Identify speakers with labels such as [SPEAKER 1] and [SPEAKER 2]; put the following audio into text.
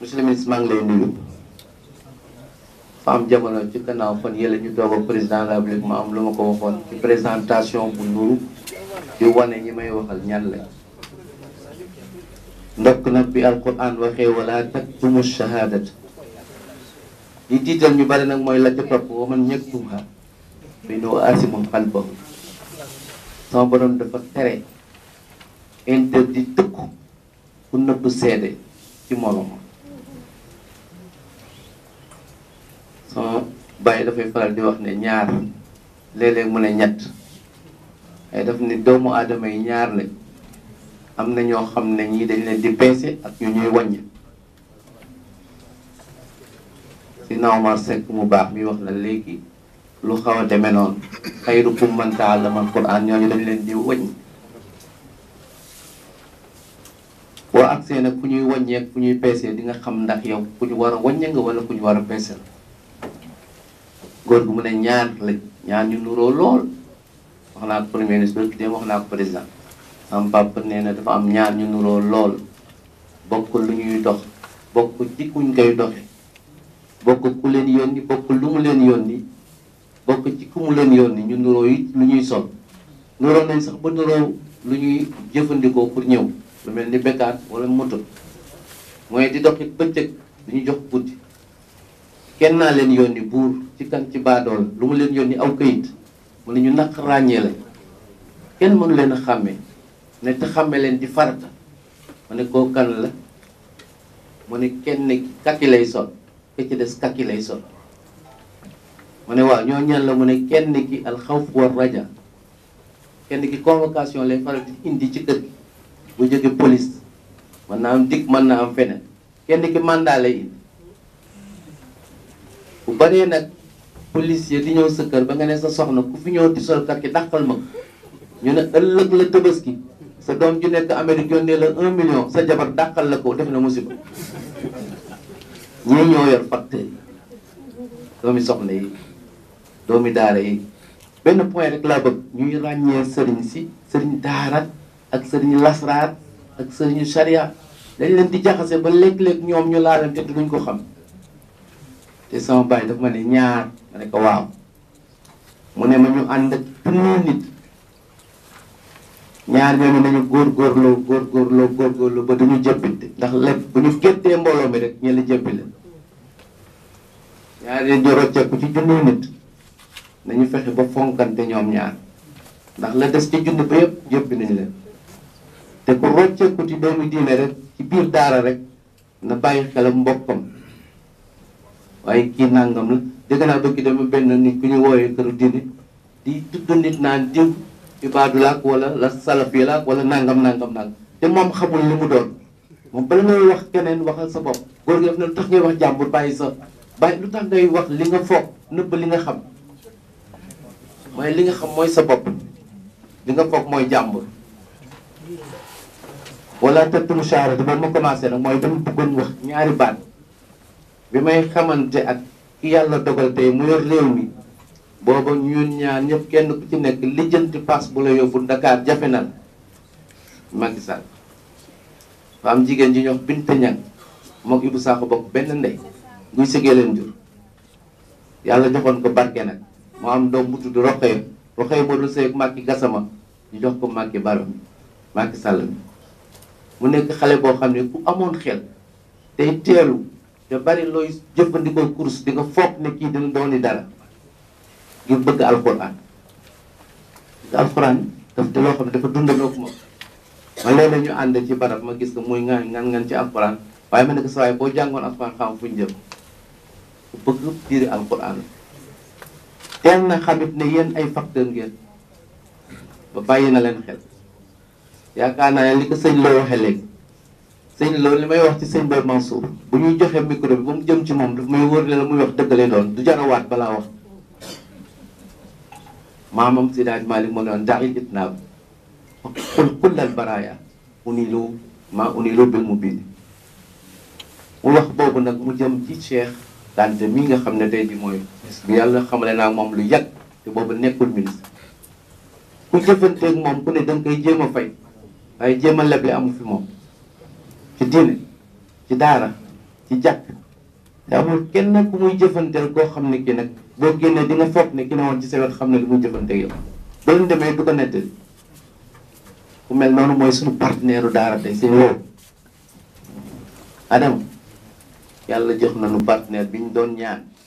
[SPEAKER 1] monsieur le ministre maa ngi lay nuyu fa am jamono ci gannaaw fan yële ñu doog a président de la République ma am lu ma ko waxoon ci présentation bu nuru di wane ñi may waxal ñan la ndokk nag bi alquran waxee wala taktumu shahadata li tiital ñu bari nag mooy la ca topp wa man yaktumha fa innahu aasimun qalbahu sama borom dafa tere interdit tëkku ku nëbb seede ci moroom Baye dafay faral di wax ne ñaar léeg-léeg mu ne ñett ay daf ni doomu aadama yi ñaar lañ am na ñoo xam ne ñii dañ leen di peese ak ñu ñuy wàññi si Omar Seck mu baax mi wax la léegi lu xaw a deme demee noonu xayrukum man ta'allama al-Qur'an ñooñu dañ leen di wañ boo agsee nag ku ñuy wàññeek ku ñuy peese di nga xam ndax yow ku ñu war a wàññe wala ku ñu war a peese la góor gu mu ne ñaan la ñaar ñu nuroo lool wax naa ko premier ministre bi dem wax naa ko président am papa nee na dafa am ñaar ñu nuroo lool bokk lu ñuy dox bokk jikkuñ koy doxe bokk ku leen yónni bokk lu mu leen yónni bokk ci ku mu leen yoon yónni ñu nuroo yi lu ñuy sol nuroo nañ sax ba nuroo lu ñuy jëfandikoo pour ñëw lu mel ni békaat wala moto mooy di dox it bëccëg lu ñuy jox guddi kenn naa leen yónni buur ci kan ci baadool lu mu leen yónni aw këyit mu ne ñu naq ràññee la kenn mënu leen a xàmme ne te xàmme leen di farata ma ne koo kan la mu ne kenn ki kakki lay sol ci des kakki sol mu ne waaw ñoo ñan la mu ne kenn ki alxawf war raja kenn ki convocation lay faral indi ci kër gi bu jóge police mën naa am dig mën naa am feneen kenn ki mandat lay indi bu baree nag police yi di ñëw sa ba nga nee sa soxna ku fi ñëw di sol kàrki dàqal ma ñu ne ëllëg la tabaski sa doom ju nekk Amérique yónnee la un million sa jabar dàqal la ko def na musiba ñii ñoo yor facteur yi doomi soxna yi doomi daara yi benn point rek laa bëgg ñuy ràññee sëriñ si sëriñ daara ak sëriñ lasraar ak sëriñu sharia lañ leen di jaxase ba léeg-léeg ñoom ñu laalante te duñ ko xam te sama baay dafa ma ne ñaar ma ne ko waaw mu ne ma ñu ànd ak junni nit ñaar ñooñu nañu góorgóorloo góorgóorloo góorgóorloo ba duñu jëppante ndax lépp bu ñu géttee mbooloo mi rek ñu la la ñaar yi jorocceeku ci junni nit nañu fexe ba fonkante ñoom ñaar ndax la des ci junni ba yëpp jëppi nañu leen te ku rocceeku ci doomu diine rek ci biir daara rek na bàyyi xelam mbokkam waaye kii nangam la dégg naa bëgg dama benn nit ku ñu wooyee këru diine di tudd nit naan diw ibaadu laak wala la salafi laak wala nangam nangam nangam te moom xamul li mu doon moom bala ngay wax keneen waxal sa bopp góor gi daf ne lu tax ngay wax jàmbur bàyyi sa bàyyi lu tax ngay wax li nga foog nëbb li nga xam waaye li nga xam mooy sa bopp li nga foog mooy jàmbur wala tëtt mu charette ba ma commencé nag mooy dama bëggoon wax ñaari baat bi may xamante ak ki yàlla dogal tey mu yor réew mi booba ñun ñaar ñëpp kenn ku ci nekk lijjanti pass bu la yóbbu Dakar jafe nan Macky Sall fa am jigéen ji ñox binte ñan moog Ibou Sakho bokk benn ndey guy sëgee leen jur yàlla joxoon ko barke nag am do mu tudd roxee roxee moo doon sëyeeg Macky Gassama ñu jox ko Macky Baro Macky Sall mu nekk xale boo xam ku amoon xel day teelu te bari looy jëfandikoo course dengan nga foog ne kii dina dooni dara ngir bëgg alquran alquran daf te loo xam dafa dundaloo ko moom ma léeg ñu ànd ci barab ma gis ko muy ngaan ngaan ngaan ci alquran waaye ma ne ko sa waaye alquran xam fuñ jëm bëgg alquran teel na xamit ne ay facteur ngeen ba bàyyi na xel yaakaar naa waxe sëñ loolu li may wax ci sëñ Baye Mansour bu ñuy joxe micro bi ba mu jëm ci moom daf may wóor la muy wax dëgg lay doon du jarawaat balaa wax maamam si daaj Malick moo ne woon ndax it naa xul kullal wax boobu nag jëm ci Cheikh Dante mii nga xam ne tey ji mooy bu yàlla xamale naa moom lu yàgg te boobu nekkul ministre ku jëfanteeg moom ku ne danga koy jéem a fay waaye jéem a leble amu fi moom ci diine ci daana ci jàkk te amul kenn ku muy jëfanteel koo xam ne ki nag boo génnee di nga foog ne ki ne ci sa xam ne lu muy jëfanteeg yow ba leen demee du ko nettali ku mel noonu mooy suñu partenaire daara tey seen woowu Adam yàlla jox nañu partenaire bi ñu doon ñaan